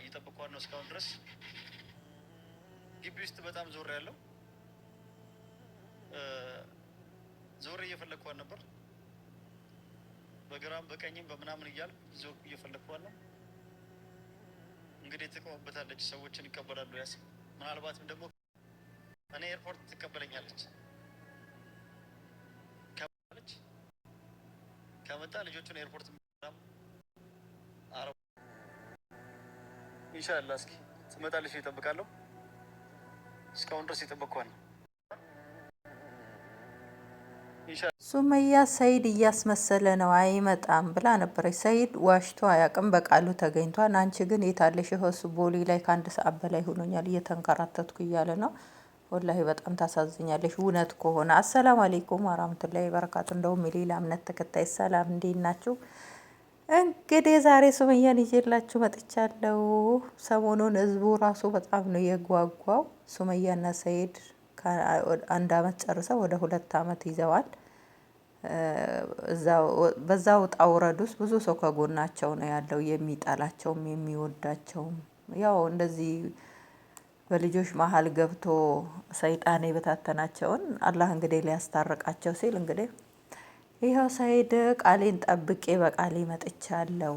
እየጠበኳት ነው እስካሁን ድረስ። ግቢ ውስጥ በጣም ዞር ያለው ዞር እየፈለግኳት ነበር። በግራም በቀኝም በምናምን እያልኩ ዞር እየፈለግኳት ነው። እንግዲህ ትቆምበታለች፣ ሰዎችን ይቀበላሉ። ያስ ምናልባትም ደግሞ እኔ ኤርፖርት ትቀበለኛለች። ከመጣ ልጆቹን ኤርፖርት ኢንሻላህ እስኪ ትመጣለች እጠብቃለሁ። እስካሁን ድረስ የጠበቅኳል። ሱመያ ሰይድ እያስመሰለ ነው አይመጣም ብላ ነበረች። ሰይድ ዋሽቶ አያቅም፣ በቃሉ ተገኝቷል። አንቺ ግን የታለሽ? የሆሱ ቦሌ ላይ ከአንድ ሰዓት በላይ ሆኖኛል እየተንከራተትኩ እያለ ነው። ወላሂ በጣም ታሳዝኛለሽ፣ እውነት ከሆነ። አሰላሙ አሌይኩም ወራህመቱላሂ በረካቱ። እንደውም የሌላ እምነት ተከታይ ሰላም፣ እንዴት ናችሁ? እንግዲህ ዛሬ ሱመያን ይዤላችሁ መጥቻለሁ። ሰሞኑን ህዝቡ ራሱ በጣም ነው የጓጓው። ሱመያና ሰይድ አንድ አመት ጨርሰው ወደ ሁለት አመት ይዘዋል። በዛ ውጣ ውረድ ውስጥ ብዙ ሰው ከጎናቸው ነው ያለው፣ የሚጠላቸውም የሚወዳቸውም። ያው እንደዚህ በልጆች መሀል ገብቶ ሰይጣን የበታተናቸውን አላህ እንግዲህ ሊያስታርቃቸው ሲል እንግዲህ ይኸው ሰይድ ቃሌን ጠብቄ በቃሌ መጥቻለሁ።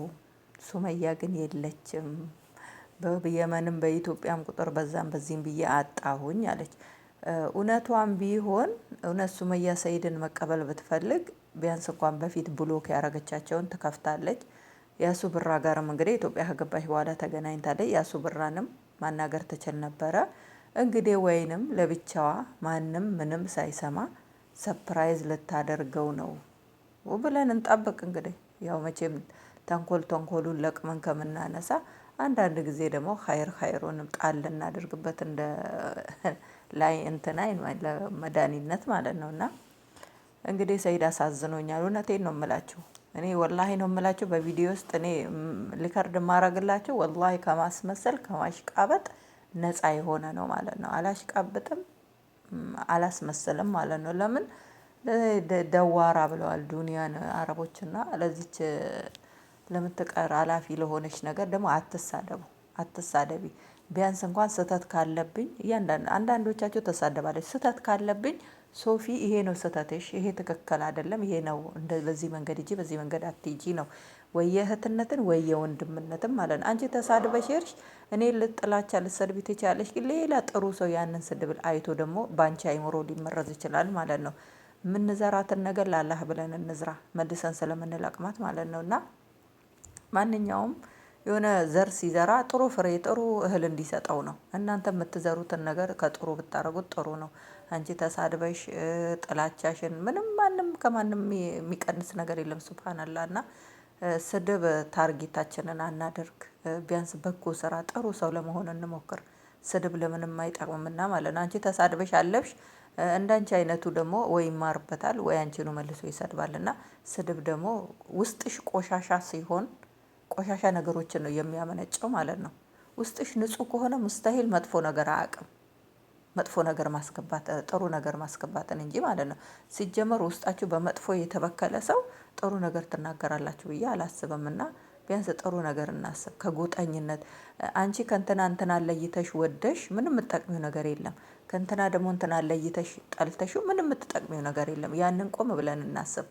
ሱመያ ግን የለችም። በየመንም በኢትዮጵያም ቁጥር በዛም በዚህም ብዬ አጣሁኝ አለች። እውነቷን ቢሆን እውነት ሱመያ ሰይድን መቀበል ብትፈልግ ቢያንስ እንኳን በፊት ብሎክ ያረገቻቸውን ትከፍታለች። የእሱ ብራ ጋርም እንግዲህ ኢትዮጵያ ከገባች በኋላ ተገናኝታለች። የእሱ ብራንም ማናገር ትችል ነበረ። እንግዲህ ወይንም ለብቻዋ ማንም ምንም ሳይሰማ ሰፕራይዝ ልታደርገው ነው። ብለን እንጠብቅ። እንግዲህ ያው መቼም ተንኮል ተንኮሉን ለቅመን ከምናነሳ አንዳንድ ጊዜ ደግሞ ኸይር ኸይሩን ጣል እናድርግበት እንደ ላይ እንትና ለመድኃኒነት ማለት ነው። እና እንግዲህ ሰይድ አሳዝኖኛል። እውነቴን ነው የምላችሁ። እኔ ወላሂ ነው የምላችሁ። በቪዲዮ ውስጥ እኔ ሊከርድ ማረግላችሁ ወላሂ ከማስመሰል ከማሽቃበጥ ነፃ የሆነ ነው ማለት ነው። አላሽቃብጥም አላስመስልም ማለት ነው። ለምን ደዋራ ብለዋል ዱንያን አረቦች እና ለዚች ለምትቀር አላፊ ለሆነች ነገር ደግሞ አትሳደቡ፣ አትሳደቢ። ቢያንስ እንኳን ስህተት ካለብኝ እያንዳንድ አንዳንዶቻቸው ተሳደባለች። ስህተት ካለብኝ ሶፊ ይሄ ነው ስህተትሽ፣ ይሄ ትክክል አይደለም፣ ይሄ ነው በዚህ መንገድ እጂ በዚህ መንገድ አትጂ ነው ወየ እህትነትን ወየ የወንድምነትን ማለት ነው። አንቺ ተሳድበሽ ሄድሽ፣ እኔ ልጥላቻ ልሰድቢ ትችያለሽ። ሌላ ጥሩ ሰው ያንን ስድብል አይቶ ደግሞ በአንቺ አይምሮ ሊመረዝ ይችላል ማለት ነው። የምንዘራትን ነገር ላላህ ብለን እንዝራ መልሰን ስለምንለቅማት ማለት ነው። እና ማንኛውም የሆነ ዘር ሲዘራ ጥሩ ፍሬ ጥሩ እህል እንዲሰጠው ነው። እናንተ የምትዘሩትን ነገር ከጥሩ ብታረጉት ጥሩ ነው። አንቺ ተሳድበሽ ጥላቻሽን ምንም ማንም ከማንም የሚቀንስ ነገር የለም። ሱብሃነላህ እና ስድብ ታርጌታችንን አናደርግ ቢያንስ በጎ ስራ ጥሩ ሰው ለመሆን እንሞክር። ስድብ ለምንም አይጠቅምምና ማለት ነው። አንቺ ተሳድበሽ አለብሽ እንዳንቺ አይነቱ ደግሞ ወይ ይማርበታል ወይ አንቺኑ መልሶ ይሰድባል። እና ስድብ ደግሞ ውስጥሽ ቆሻሻ ሲሆን ቆሻሻ ነገሮችን ነው የሚያመነጨው ማለት ነው። ውስጥሽ ንጹህ ከሆነ ሙስተሂል መጥፎ ነገር አያውቅም። መጥፎ ነገር ማስገባት ጥሩ ነገር ማስገባትን እንጂ ማለት ነው። ሲጀመር ውስጣችሁ በመጥፎ የተበከለ ሰው ጥሩ ነገር ትናገራላችሁ ብዬ አላስብምና ቢያንስ ጥሩ ነገር እናስብ። ከጎጠኝነት አንቺ ከእንትና እንትና ለይተሽ ወደሽ ምንም የምትጠቅሚው ነገር የለም። ከእንትና ደግሞ እንትና ለይተሽ ጠልተሽው ምንም የምትጠቅሚው ነገር የለም። ያንን ቆም ብለን እናስብ።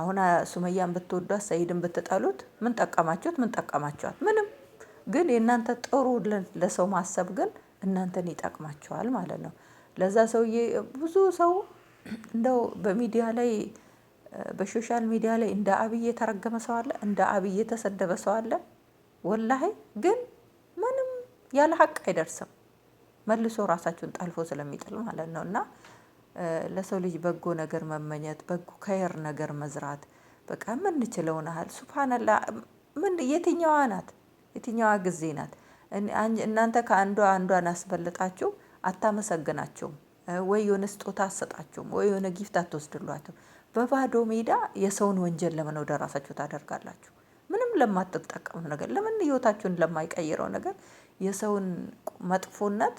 አሁን ሱመያን ብትወዷት ሰይድን ብትጠሉት ምን ጠቀማችሁት? ምን ጠቀማችኋት? ምንም። ግን የእናንተ ጥሩ ለሰው ማሰብ ግን እናንተን ይጠቅማችኋል ማለት ነው። ለዛ ሰውዬ ብዙ ሰው እንደው በሚዲያ ላይ በሶሻል ሚዲያ ላይ እንደ አብይ የተረገመ ሰው አለ፣ እንደ አብይ የተሰደበ ሰው አለ። ወላሂ ግን ምንም ያለ ሀቅ አይደርስም። መልሶ ራሳችሁን ጠልፎ ስለሚጥል ማለት ነው። እና ለሰው ልጅ በጎ ነገር መመኘት፣ በጎ ከየር ነገር መዝራት፣ በቃ የምንችለውን ያህል ሱብሃነላ። ምን የትኛዋ ናት የትኛዋ ጊዜ ናት እናንተ ከአንዷ አንዷን አስበልጣችሁ አታመሰግናቸውም ወይ? የሆነ ስጦታ አትሰጣችሁም ወይ? የሆነ ጊፍት አትወስድሏቸው በባዶ ሜዳ የሰውን ወንጀል ለምን ወደ ራሳችሁ ታደርጋላችሁ? ምንም ለማትጠቀሙት ነገር ለምን ህይወታችሁን ለማይቀይረው ነገር የሰውን መጥፎነት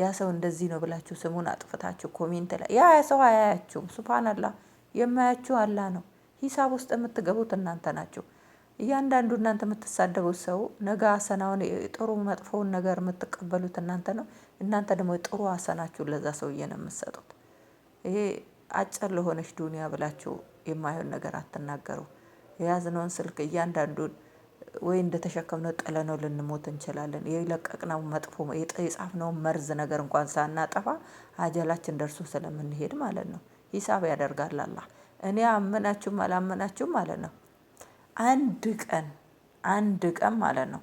ያ ሰው እንደዚህ ነው ብላችሁ ስሙን አጥፍታችሁ ኮሜንት ላይ ያ ሰው አያያችሁም። ሱብሃንአላህ የማያችሁ አላህ ነው። ሂሳብ ውስጥ የምትገቡት እናንተ ናችሁ። እያንዳንዱ እናንተ የምትሳደቡት ሰው ነገ አሰናውን ጥሩ መጥፎውን ነገር የምትቀበሉት እናንተ ነው። እናንተ ደግሞ ጥሩ አሰናችሁ ለዛ ሰውዬ ነው የምትሰጡት። ይሄ አጭር ለሆነች ዱኒያ ብላችሁ የማይሆን ነገር አትናገሩ። የያዝነውን ስልክ እያንዳንዱን ወይ እንደተሸከምነው ጥለነው ልንሞት እንችላለን። የለቀቅነው መጥፎ የጻፍነውን መርዝ ነገር እንኳን ሳናጠፋ አጀላችን ደርሶ ስለምንሄድ ማለት ነው። ሂሳብ ያደርጋል አላህ። እኔ አመናችሁም አላመናችሁም ማለት ነው። አንድ ቀን አንድ ቀን ማለት ነው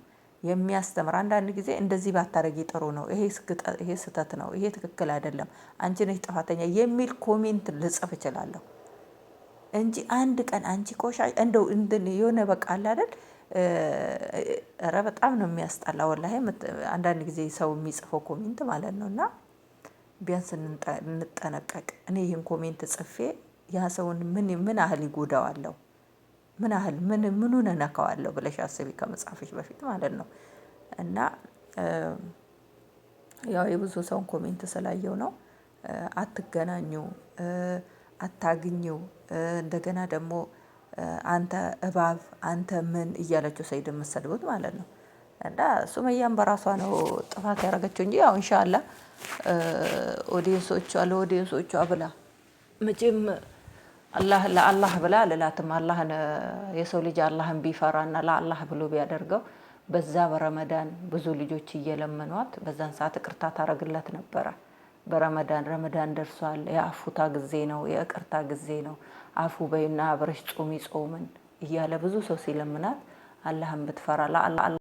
የሚያስተምር አንዳንድ ጊዜ እንደዚህ ባታረጊ ጥሩ ነው፣ ይሄ ስህተት ነው፣ ይሄ ትክክል አይደለም፣ አንቺ ነች ጥፋተኛ የሚል ኮሜንት ልጽፍ እችላለሁ እንጂ አንድ ቀን አንቺ ቆሻ እንደው የሆነ በቃ አለ አይደል? ኧረ በጣም ነው የሚያስጠላ ወላሂ። አንዳንድ ጊዜ ሰው የሚጽፈው ኮሜንት ማለት ነው። እና ቢያንስ እንጠነቀቅ። እኔ ይህን ኮሜንት ጽፌ ያ ሰውን ምን ምን ያህል ይጎዳዋለሁ? ምን ያህል ምን ምኑን እነካዋለሁ ብለሽ አስቢ ከመጻፍሽ በፊት ማለት ነው። እና ያው የብዙ ሰውን ኮሜንት ስላየው ነው። አትገናኙ አታግኚው እንደገና ደግሞ አንተ እባብ አንተ ምን እያለችው ሰይድ የምትሰድቡት ማለት ነው። እና ሱመያም በራሷ ነው ጥፋት ያደረገችው እንጂ ያው እንሻላ ኦዲየንሶቿ ለኦዲየንሶቿ ብላ መቼም አላህ ለአላህ ብላ ልላትም አላህን የሰው ልጅ አላህን ቢፈራና ለአላህ ብሎ ቢያደርገው በዛ በረመዳን ብዙ ልጆች እየለመኗት በዛን ሰዓት ይቅርታ ታረግለት ነበረ። በረመዳን ረመዳን ደርሷል፣ የአፉታ ጊዜ ነው፣ የእቅርታ ጊዜ ነው፣ አፉ በይና አብረሽ ጾሚ ጾምን እያለ ብዙ ሰው ሲለምናት አላህን ብትፈራ